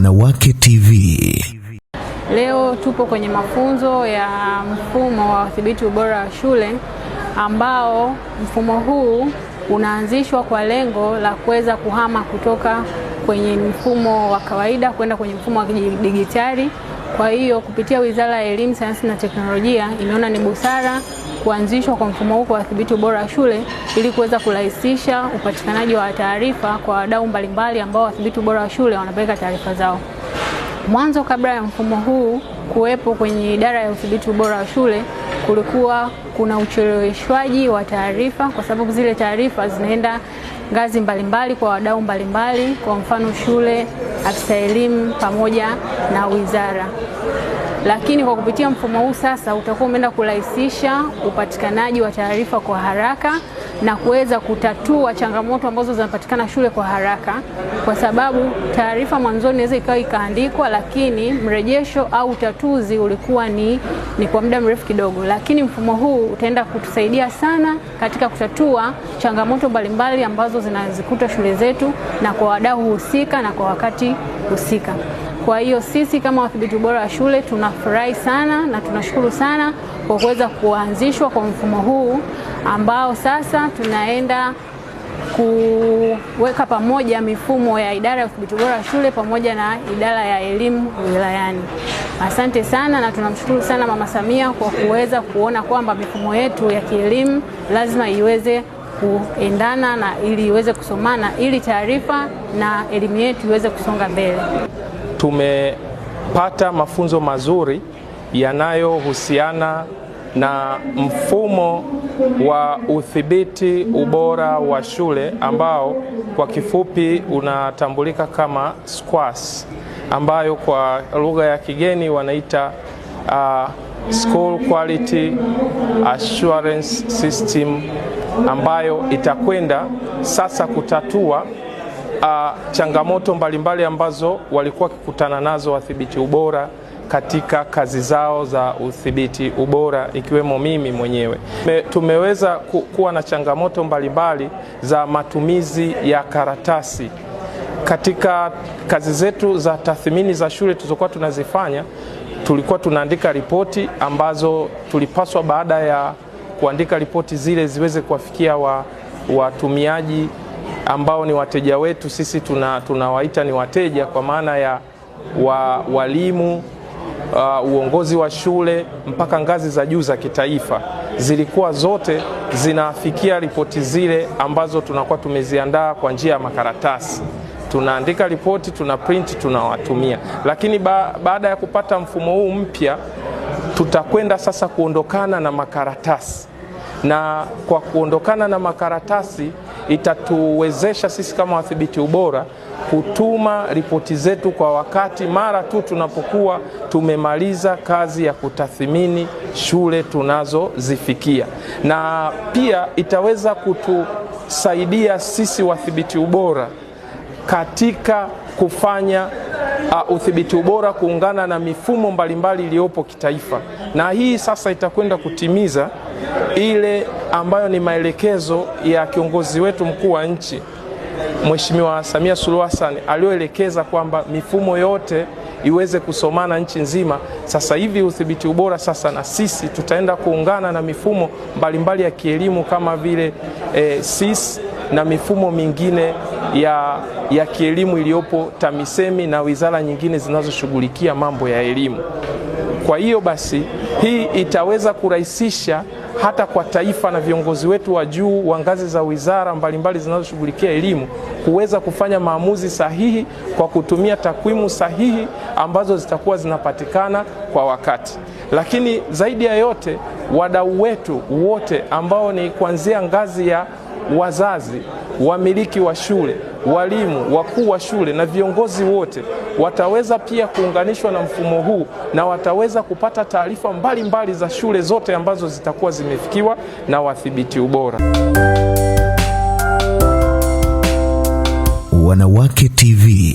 Wanawake TV. Leo tupo kwenye mafunzo ya mfumo wa udhibiti ubora wa shule ambao mfumo huu unaanzishwa kwa lengo la kuweza kuhama kutoka kwenye mfumo wa kawaida kwenda kwenye mfumo wa kidijitali kwa hiyo kupitia Wizara ya Elimu, Sayansi na Teknolojia imeona ni busara kuanzishwa kwa mfumo huu kwa wadhibiti ubora wa shule ili kuweza kurahisisha upatikanaji wa taarifa kwa wadau mbalimbali ambao wadhibiti ubora wa shule wanapeleka taarifa zao. Mwanzo kabla ya mfumo huu kuwepo kwenye idara ya udhibiti ubora wa shule, kulikuwa kuna ucheleweshwaji wa taarifa kwa sababu zile taarifa zinaenda ngazi mbalimbali kwa wadau mbalimbali, kwa mfano shule, afisa elimu pamoja na wizara lakini kwa kupitia mfumo huu sasa utakuwa umeenda kurahisisha upatikanaji wa taarifa kwa haraka na kuweza kutatua changamoto ambazo zinapatikana shule kwa haraka, kwa sababu taarifa mwanzoni inaweza ikawa ikaandikwa, lakini mrejesho au utatuzi ulikuwa ni, ni kwa muda mrefu kidogo, lakini mfumo huu utaenda kutusaidia sana katika kutatua changamoto mbalimbali ambazo zinazikuta shule zetu na kwa wadau husika na kwa wakati husika. Kwa hiyo sisi kama wadhibiti ubora wa shule tunafurahi sana na tunashukuru sana kwa kuweza kuanzishwa kwa mfumo huu ambao sasa tunaenda kuweka pamoja mifumo ya idara ya udhibiti ubora wa shule pamoja na idara ya elimu wilayani. Asante sana na tunamshukuru sana Mama Samia kwa kuweza kuona kwamba mifumo yetu ya kielimu lazima iweze kuendana na ili iweze kusomana ili taarifa na elimu yetu iweze kusonga mbele tumepata mafunzo mazuri yanayohusiana na mfumo wa udhibiti ubora wa shule ambao kwa kifupi unatambulika kama SQUAS, ambayo kwa lugha ya kigeni wanaita uh, School Quality Assurance System, ambayo itakwenda sasa kutatua uh, changamoto mbalimbali mbali ambazo walikuwa wakikutana nazo wathibiti ubora katika kazi zao za udhibiti ubora ikiwemo mimi mwenyewe. Tumeweza kuwa na changamoto mbalimbali mbali za matumizi ya karatasi katika kazi zetu za tathmini za shule tulizokuwa tunazifanya. Tulikuwa tunaandika ripoti ambazo tulipaswa baada ya kuandika ripoti zile ziweze kuwafikia watumiaji wa ambao ni wateja wetu sisi tuna, tunawaita ni wateja kwa maana ya wa, walimu uh, uongozi wa shule mpaka ngazi za juu za kitaifa zilikuwa zote zinafikia ripoti zile ambazo tunakuwa tumeziandaa kwa njia ya makaratasi tunaandika ripoti, tuna print, tunawatumia. Lakini ba, baada ya kupata mfumo huu mpya, tutakwenda sasa kuondokana na makaratasi, na kwa kuondokana na makaratasi itatuwezesha sisi kama wathibiti ubora kutuma ripoti zetu kwa wakati mara tu tunapokuwa tumemaliza kazi ya kutathimini shule tunazozifikia, na pia itaweza kutusaidia sisi wathibiti ubora katika kufanya uh, uthibiti ubora kuungana na mifumo mbalimbali iliyopo kitaifa, na hii sasa itakwenda kutimiza ile ambayo ni maelekezo ya kiongozi wetu mkuu wa nchi Mheshimiwa Samia Suluhu Hassan aliyoelekeza kwamba mifumo yote iweze kusomana nchi nzima. Sasa hivi udhibiti ubora, sasa na sisi tutaenda kuungana na mifumo mbalimbali mbali ya kielimu kama vile e, eh, SIS na mifumo mingine ya, ya kielimu iliyopo TAMISEMI na wizara nyingine zinazoshughulikia mambo ya elimu. Kwa hiyo basi hii itaweza kurahisisha hata kwa taifa na viongozi wetu wa juu wa ngazi za wizara mbalimbali zinazoshughulikia elimu kuweza kufanya maamuzi sahihi kwa kutumia takwimu sahihi ambazo zitakuwa zinapatikana kwa wakati. Lakini zaidi ya yote, wadau wetu wote ambao ni kuanzia ngazi ya wazazi wamiliki wa shule, walimu, wakuu wa shule na viongozi wote wataweza pia kuunganishwa na mfumo huu na wataweza kupata taarifa mbalimbali za shule zote ambazo zitakuwa zimefikiwa na wadhibiti ubora. Wanawake TV